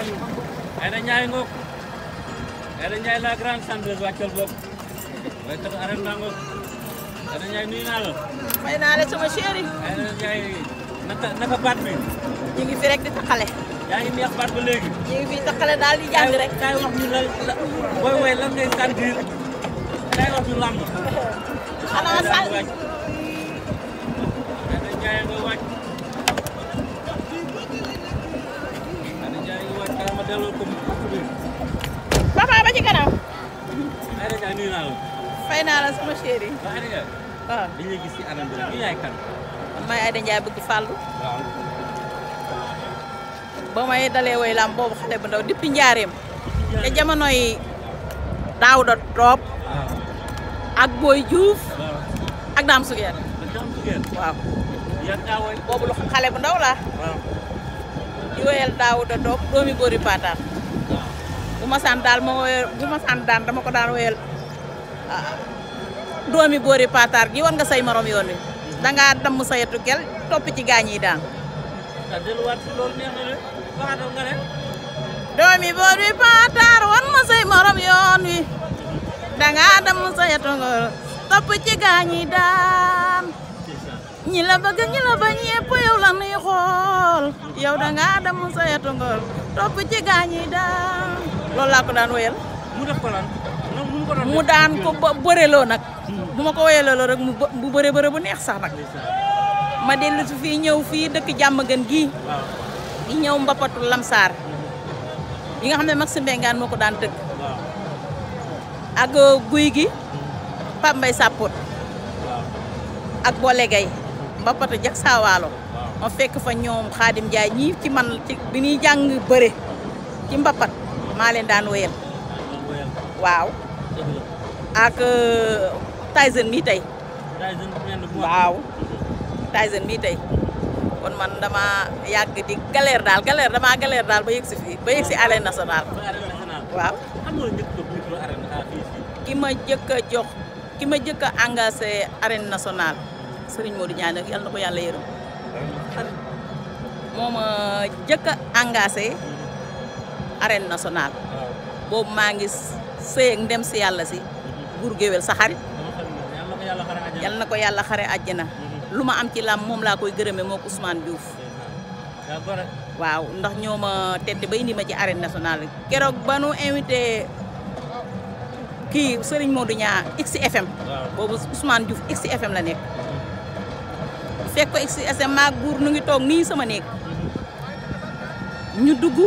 Aliou Aïda Ndiaye ngoog Aïda Ndiaye la grande chanteuse wàccal boog waykat arenda ngoog Aïda Ndiaye nuyu naa la fay naa la sama chéri Aïda Ndiaye naka naka baat bi ñu ngi fi rek di taxale yaa ngi neex baat ba léegi ñu ngi fi taxale daal di jàng rek kaay wax ñu la booy woy lan ngay sentir kaay wax ñu làmb xanaa sant ci kanam ay da nuyu naa la fay naa la sama chéri waaw ay da waaw dañ lay gis ci anam bi ñu yaay kan may ay da njaay bëgg fàllu waaw ba may dalee way lam boobu xale bu ndaw depuis njaareem drop ak juuf ak waaw lu xale bu ndaw la drop doomi góori ma daal ma woyal bu ma sant daan ko daan woyal ah, doomi gi war nga say morom yoon wi dangaa damm sayatu ci gaañ yi daan ah, doomi boori say morom yoon wi daan ñi la bëgg ñi la bañ yépp yow la nuy xool yow dangaa damm sayatu daan loolu laa ko daan wéyal. mu def ko lan mu ko daan mu daan ko bëreloo nag. nak. Hmm. ma ko wéyaloo rek mu bu bëre bëre bu neex sax nag. ma dellu si fii ñëw fii dëkk jàmm gën gii. di ñëw mbapatu lamsaar. yi nga xam ne Maxime Mbengaan moo ko daan tëgg. ak euh, guy gi. Pape Mbaye Sapot. ak Boole Gueye mbapatu jag saawaalo. ma fekk fa ñoom Xaadim Njaay ñii ci man ci bi ñuy jàng bëre ci mbapat maa leen daan woyal waaw ak euh, Tyson mii tey waaw Tyson mii tey kon man dama yàgg di galère daal galère dama galère daal ba yëg si fii ba yëg si arène ah, ki ma jëkk a jox ki ma jëkk a engagé arène nationale Serigne Modou Niang nag yàlla na ko yàlla yërëm moo ma jëkk a arène nationale boobu maa ngi sëy ak ndem si yàlla si buur géwél sa xarit yal na ko yàlla xare àjjana lu ma am ci làmb moom laa koy gërëme moo ko Ousmane Diouf waaw ndax ñoo ma tedd ba indi ma ci arène nationale keroog ba nu invité kii Serigne Modou Niang XFM boobu Ousmane Diouf XFM la nekk fekk ko XFM maag buur nu ngi toog nii sama néeg ñu dugg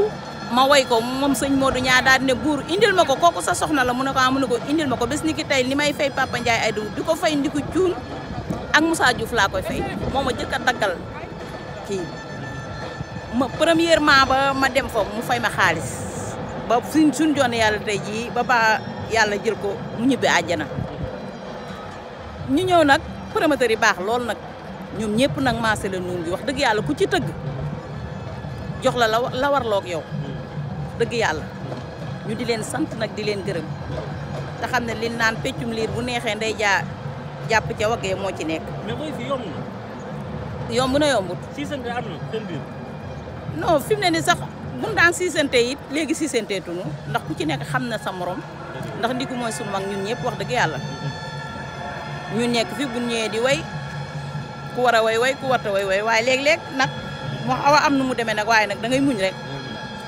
ma way ko mom seigne Modou nya dal ne bour indil mako koku sa soxna la mu ne ko amu ah, ko indil mako bes niki tay limay fay Papa Ndiaye ay dou diko fay ndiku cuun ak Moussa Diouf la koy fay moma ma jëkk ki ma premièrement ba ma dem fa mu fay ma khalis ba sun sun joon yalla tay ji ba ba yalla jël ko mu ñibbe aljana ñu ñew nak promoteur yi bax loolu nak ñom ñepp nak maase la ñu wax deug yalla ku ci teug jox la la warloog yow dëgg yàlla ñu di leen sant nag di leen gërëm te xam ne li naan peccum liir bu neexee nday jaa jàpp ca waggee moo ci nekk. mais mooy fi yomb na. yomb na yombut. siisante am na seen biir. non fi mu ne nii sax bu ñu daan siisante léegi siisante tunu ndax ku ci nekk xam na sa morom ndax ndiku mooy suñu mag ñëpp wax dëgg yàlla ñu nekk fi bu ñëwee di way ku war a way way ku warta way way waaye léeg-léeg nag mu xaw am nu mu demee nag waaye nag dangay ngay muñ rek.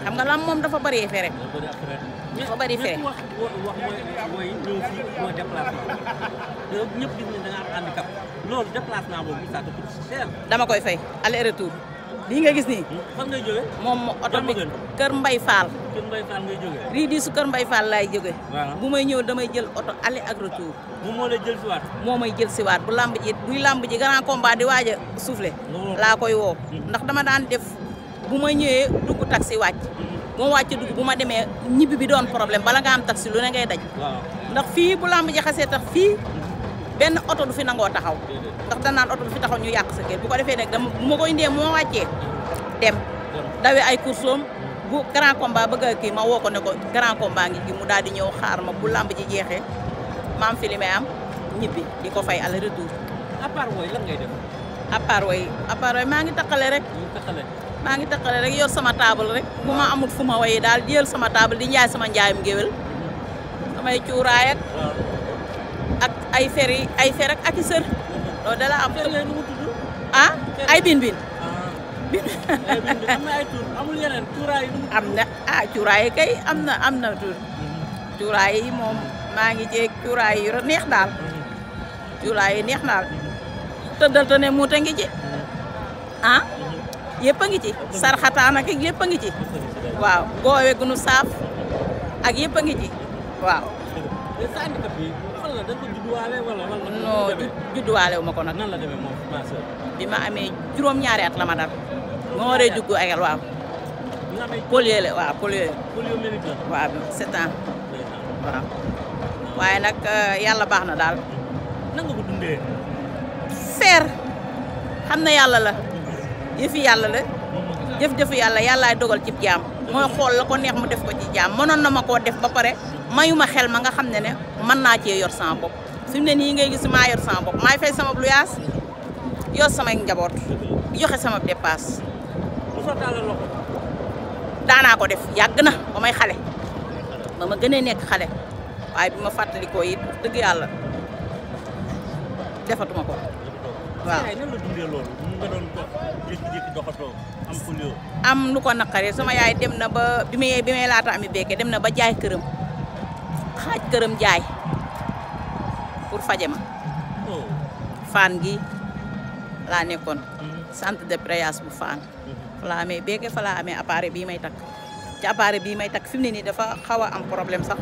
xam nga lam moom dafa bari fere. dafa bëri fere. wax loolu déplacement boobu dama koy fay aller retour. lii nga gis nii. Hmm? fan ngay jógee. moom oto Kër Mbay Fall. Kër Mbay Fall ngay jógee. di su Kër Mbay Fall laay jógee. bu may ñëw damay jël oto aller ak retour. moom moo lay jël si may jël si bu lamb ji buy lamb ji grand combat di waaj a soufflé. laa koy woo. Hmm. ndax dama daan def. bu ma ñëwee dugg taxi wàcc bu ma wàcc dugg bu ma demee ñibbi bi doon problème bala nga am taxi lu ne ngay daj ndax fii bu lamb ji xasee tax fii benn oto du fi nangoo taxaw ndax naan oto du fi taxaw ñu yàq sa kër bu ko defee nag dama bu ma koy ndee moo wàccee dem dawee ay coursoom bu grand combat bëgg a kii ma woo ko ne ko grand combat ngi gi mu daal di ñëw xaar ma bu lamb ji jeexee maam fi li may am ñibbi di ko fay aller retour à part wooy lan ngay maa ngi taqale rek taqale maa ngi taqale rek yor sama taabal rek bu ma amul fu ma waye daal di jël sama taabal di njaay sama njaayum géwél samay cuuraay ak ay fer yi ay fer ak ak i sër loolu dala am ah ay bin bin ah. eh, am na ah cuuraay yi kay am na am na tur mhm. cuuraay yi moom maa ngi jeeg cuuraay yu neex daal mhm. cuuraay yi neex daal tëddal te ne muute ngi ci mhm. ah yëpp a ngi ci sarxataan ak yëpp a ngi ci waaw goowe gunu saaf ak yëpp a ngi ci waaw non judduwaale wu ma ko nag bi ma amee juróom-ñaari at la ma dal ma waree juggu ayel waaw polio la waaw polio waaw sept waaw waaye nag euh, yàlla baax na daal nan xam na yàlla la yëfi yàlla la jëf jëfu yàlla yàllaay dogal ci jaam mooy xool la ko neex mu def ko ci jaam mënoon na ma koo def ba pare mayuma xel ma nga xam ne ne mën naa cee yor sama bopp fi mu ne nii ngay gis maa yor sama bopp maay fay sama luyaas yor samay njaboot joxe sama dépasse. daanaa ko def yàgg na ba may xale ba ma gënee nekk xale waaye bi ma fàttalikoo it dëgg yàlla defatuma ko. waaw yaay la dundee loolu am ko lu ko naqaree sama yaay dem na ba bi may bi may laata ami bekkee dem na ba jaay këram xaaj këram jaay pour faje ma oh. faan gi laa nekkoon sant mm-hmm. de préance bu faan mm-hmm. fa laa amee bekkee fa laa amee appareil bii may takk ci bii may takk fi mu ne nii dafa xaw am problème sax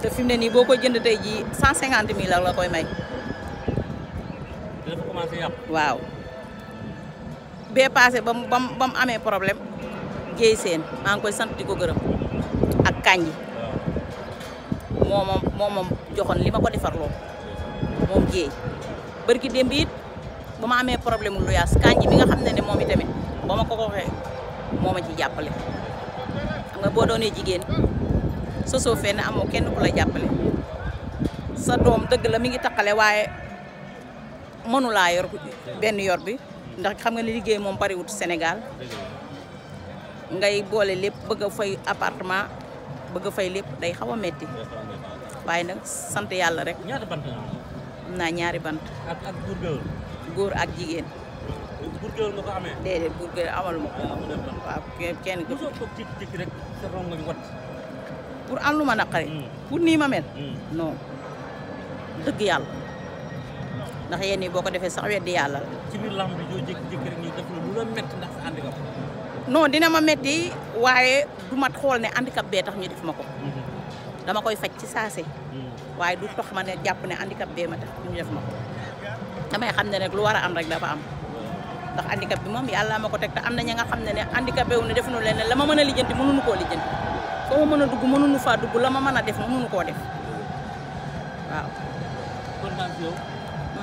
te fi mu ne nii boo ko jënd tey jii cent cinquante mille la la koy may commencé yàqu waaw bee passé ba mu ba mu amee problème jéy seen maa ngi koy sant di ko gërëm ak kànji moo moom moo moom joxoon li ma ko defarloo moom jéey bërki démb it ba ma amee problème lu yaas kànji mi nga xam ne ne moom itamit ba ma ko ko moom moo ma ci jàppale xam nga boo doonee jigéen sosoo fenn amoo kenn ku la jàppale sa doom dëgg la mi ngi taqale waaye mënula yor benn yor bi ndax xam nga ne liggéey moom bariwut Sénégal ngay boole lépp bëgg a fay appartement bëgg fay lépp day xaw a metti waaye nag sant yàlla rek am naa ñaari bant góor ak jigéen burgéwal nga ko amee. déedéet burgéwal amaluma ko. Ah, kenn ku rek pour am lu naqari. Hmm. pour nii ma mel. Hmm. non dëgg yàlla. ndax yenn yi boo ko defee sax weddi yàlla la. biir lamb bi ñoo jékki-jékki rek ñu def lu la métti ndax sa dina ma métti waaye du ma xool ne handicap bee tax ñu def ma ko. Mhm. dama koy faj ci saase. Mhm. waaye du tax ma ne jàpp ne handicap bee ma tax ñu def ma ko. xam ne rek lu war a am rek dafa am. ndax bi moom yàlla ma ko teg te am na ña nga xam ne ne handicapé wu ne defuñu leen ne la ma mën a lijjanti mënuñu koo lijjanti foo ma mën a dugg mënuñu faa dugg la ma mën a def mënuñu koo def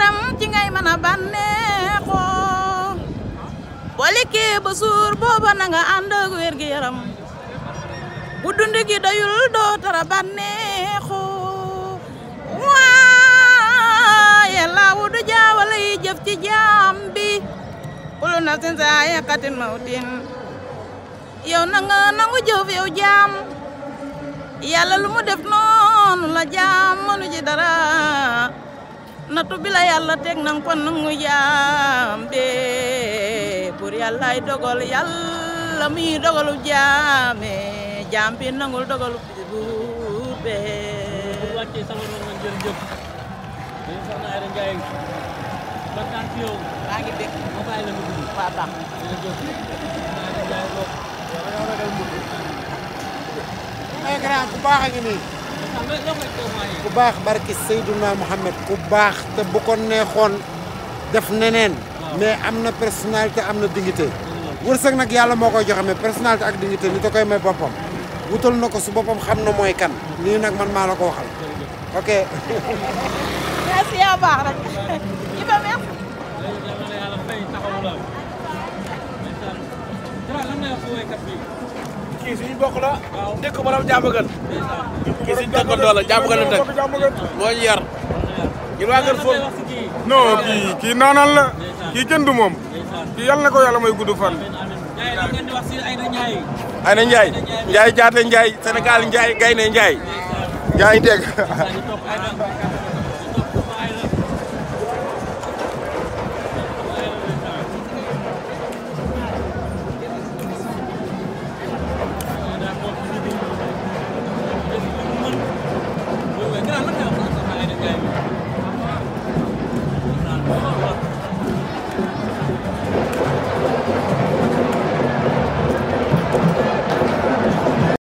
yaram ci ngay mana banne ko boo ke ba boba na nga ànd ak wér gi yaram bu dund gi dayul do tara bànneexoo waaye ya laawu du jaawale yi jëf ci jaam bi kulu nafsin katin mautin yow na nga nangu jëf yow jam yalla lu mu def non la jam mënu ci dara Natu bi ya la yàlla nang ko nangu jaambe pour yalla ay dogol yalla mi jaame jame jambi nangul dogalu buur be wàccee ku baax barki Seydouna Mohamed ku baax te bu ko neexoon def neneen mais am na personnalité am na dignité wërsëg nag yàlla moo koy joxe mais personnalité ak dignité ni da koy may boppam wutal na ko su boppam xam na mooy kan lii nag man maa la ko waxal ok merci yaa baax rek kii suñu bokk la. waaw dëkk borom jàmbagal. kii suñu dëkkandoo waa kër foofu. non kii naanal la. kii moom. kii yal na ko yàlla may gudd fan. Ayda Ndiaye Ndiaye jaate Ndiaye Sénégal Ndiaye Gaynde Ndiaye. Ndiaye dégg.